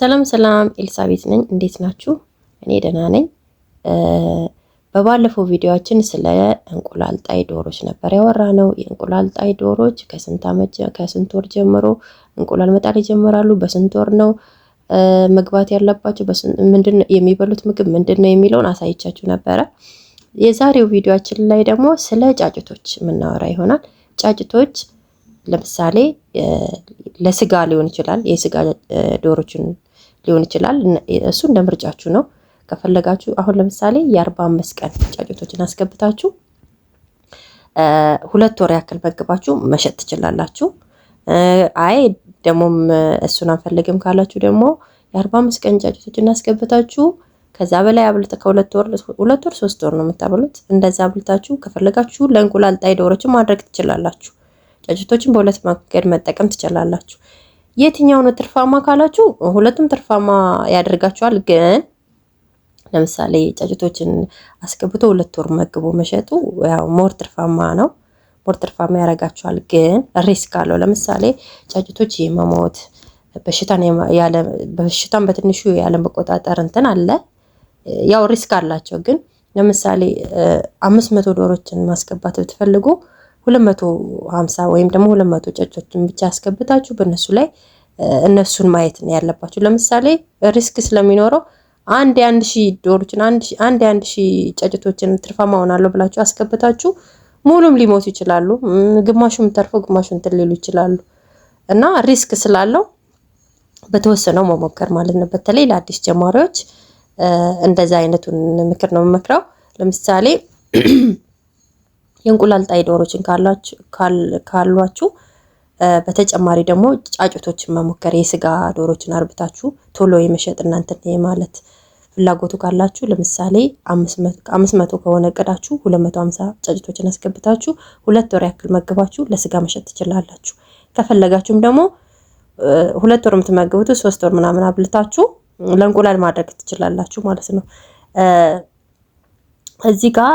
ሰላም ሰላም፣ ኤልሳቤት ነኝ። እንዴት ናችሁ? እኔ ደህና ነኝ። በባለፈው ቪዲዮችን ስለ እንቁላል ጣይ ዶሮች ነበር ያወራ ነው። የእንቁላል ጣይ ዶሮች ከስንት ወር ጀምሮ እንቁላል መጣል ይጀምራሉ? በስንት ወር ነው መግባት ያለባቸው? ምንድን ነው የሚበሉት ምግብ ምንድን ነው የሚለውን አሳይቻችሁ ነበረ። የዛሬው ቪዲዮችን ላይ ደግሞ ስለ ጫጭቶች የምናወራ ይሆናል። ጫጭቶች ለምሳሌ ለስጋ ሊሆን ይችላል፣ የስጋ ዶሮችን ሊሆን ይችላል። እሱ እንደ ምርጫችሁ ነው። ከፈለጋችሁ አሁን ለምሳሌ የአርባ አምስት ቀን ጫጩቶችን አስገብታችሁ ሁለት ወር ያክል መግባችሁ መሸጥ ትችላላችሁ። አይ ደግሞም እሱን አንፈልግም ካላችሁ ደግሞ የአርባ አምስት ቀን ጫጩቶችን አስገብታችሁ ከዛ በላይ አብልጥ ከሁለት ወር ሁለት ወር ሶስት ወር ነው የምታበሉት። እንደዛ አብልታችሁ ከፈለጋችሁ ለእንቁላል ጣይ ዶሮችን ማድረግ ትችላላችሁ። ጨጭቶችን በሁለት መንገድ መጠቀም ትችላላችሁ። የትኛው ነው ትርፋማ ካላችሁ፣ ሁለቱም ትርፋማ ያደርጋችኋል። ግን ለምሳሌ ጫጭቶችን አስገብቶ ሁለት ወር መግቦ መሸጡ ያው ሞር ትርፋማ ነው፣ ሞር ትርፋማ ያደርጋችኋል። ግን ሪስክ አለው። ለምሳሌ ጫጭቶች የመሞት በሽታን በትንሹ ያለ መቆጣጠር እንትን አለ፣ ያው ሪስክ አላቸው። ግን ለምሳሌ አምስት መቶ ዶሮችን ማስገባት ብትፈልጉ 250 መቶ ወይም ደግሞ 200 ጨጮችን ብቻ አስገብታችሁ በእነሱ ላይ እነሱን ማየት ነው ያለባችሁ። ለምሳሌ ሪስክ ስለሚኖረው አንድ የአንድ ሺ ዶሮችን አንድ የአንድ ሺ ጨጭቶችን ትርፋማ ሆናለሁ ብላችሁ አስገብታችሁ ሙሉም ሊሞቱ ይችላሉ። ግማሹም ተርፎ ግማሹን ትልሉ ይችላሉ እና ሪስክ ስላለው በተወሰነው መሞከር ማለት ነው። በተለይ ለአዲስ ጀማሪዎች እንደዛ አይነቱን ምክር ነው የምመክረው። ለምሳሌ የእንቁላል ጣይ ዶሮችን ካሏችሁ በተጨማሪ ደግሞ ጫጩቶችን መሞከር የስጋ ዶሮችን አርብታችሁ ቶሎ የመሸጥ እናንተ ማለት ፍላጎቱ ካላችሁ ለምሳሌ አምስት መቶ ከሆነ እቅዳችሁ ሁለት መቶ ሀምሳ ጫጭቶችን አስገብታችሁ ሁለት ወር ያክል መግባችሁ ለስጋ መሸጥ ትችላላችሁ። ከፈለጋችሁም ደግሞ ሁለት ወር የምትመግቡት ሶስት ወር ምናምን አብልታችሁ ለእንቁላል ማድረግ ትችላላችሁ ማለት ነው። እዚህ ጋር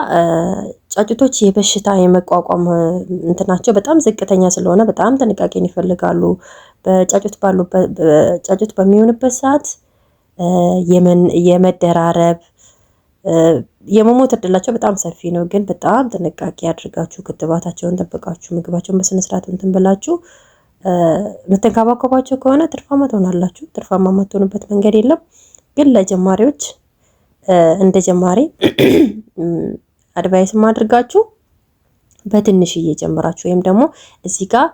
ጫጩቶች የበሽታ የመቋቋም እንትናቸው በጣም ዝቅተኛ ስለሆነ በጣም ጥንቃቄን ይፈልጋሉ። በጫጩት ባሉበት ጫጩት በሚሆንበት ሰዓት የመደራረብ የመሞት እድላቸው በጣም ሰፊ ነው። ግን በጣም ጥንቃቄ አድርጋችሁ ክትባታቸውን ጠብቃችሁ ምግባቸውን በስነስርት ስርዓት እንትን ብላችሁ የምትንከባከቧቸው ከሆነ ትርፋማ ትሆናላችሁ። ትርፋማ የማትሆኑበት መንገድ የለም። ግን ለጀማሪዎች እንደ ጀማሪ አድቫይስም አድርጋችሁ በትንሽ እየጨምራችሁ ወይም ደግሞ እዚህ ጋር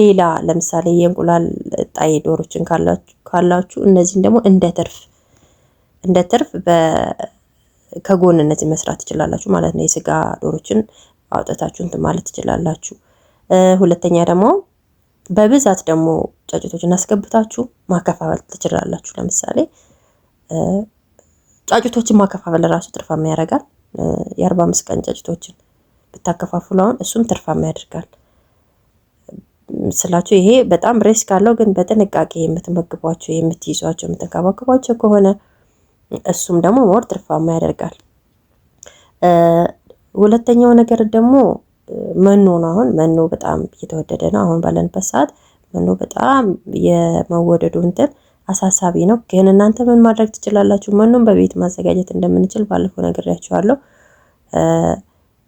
ሌላ ለምሳሌ የእንቁላል ጣይ ዶሮችን ካላችሁ እነዚህን ደግሞ እንደ ትርፍ እንደ ትርፍ ከጎን እነዚህ መስራት ትችላላችሁ ማለት ነው። የስጋ ዶሮችን አውጥታችሁ እንትን ማለት ትችላላችሁ። ሁለተኛ ደግሞ በብዛት ደግሞ ጫጭቶችን አስገብታችሁ ማከፋፈል ትችላላችሁ። ለምሳሌ ጫጭቶችን ማከፋፈል ራሱ ትርፋማ ያደርጋል። የአርባ አምስት ቀን ጫጭቶችን ብታከፋፍሉ አሁን እሱም ትርፋማ ያደርጋል ስላችሁ። ይሄ በጣም ሪስክ አለው፣ ግን በጥንቃቄ የምትመግቧቸው የምትይዟቸው፣ የምትንከባከቧቸው ከሆነ እሱም ደግሞ ሞር ትርፋማ ያደርጋል። ሁለተኛው ነገር ደግሞ መኖ ነው። አሁን መኖ በጣም እየተወደደ ነው። አሁን ባለንበት ሰዓት መኖ በጣም የመወደዱ እንትን አሳሳቢ ነው። ግን እናንተ ምን ማድረግ ትችላላችሁ? መኖን በቤት ማዘጋጀት እንደምንችል ባለፈው ነግሬያችኋለሁ።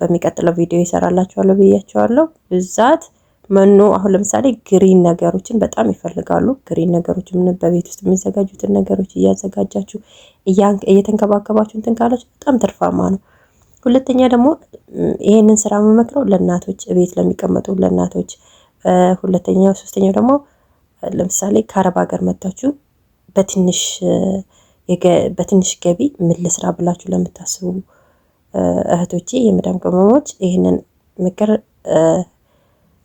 በሚቀጥለው ቪዲዮ ይሰራላችኋለሁ ብያችኋለሁ። ብዛት መኖ አሁን ለምሳሌ ግሪን ነገሮችን በጣም ይፈልጋሉ። ግሪን ነገሮች ምን በቤት ውስጥ የሚዘጋጁትን ነገሮች እያዘጋጃችሁ እየተንከባከባችሁ እንትን ካላችሁ በጣም ትርፋማ ነው። ሁለተኛ ደግሞ ይሄንን ስራ የምመክረው ለእናቶች ቤት ለሚቀመጡ ለእናቶች ሁለተኛው ሶስተኛው ደግሞ ለምሳሌ ከአረብ ሀገር መጥታችሁ በትንሽ ገቢ ምን ልስራ ብላችሁ ለምታስቡ እህቶቼ የመዳም ቅመሞች ይህንን ምክር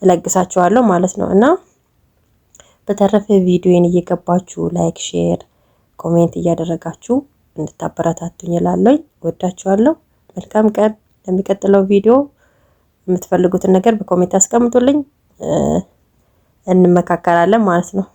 እለግሳችኋለሁ ማለት ነው እና በተረፈ ቪዲዮን እየገባችሁ ላይክ፣ ሼር፣ ኮሜንት እያደረጋችሁ እንድታበረታቱኝ እላለሁኝ። ወዳችኋለሁ። መልካም ቀን። ለሚቀጥለው ቪዲዮ የምትፈልጉትን ነገር በኮሜንት አስቀምጡልኝ፣ እንመካከላለን ማለት ነው።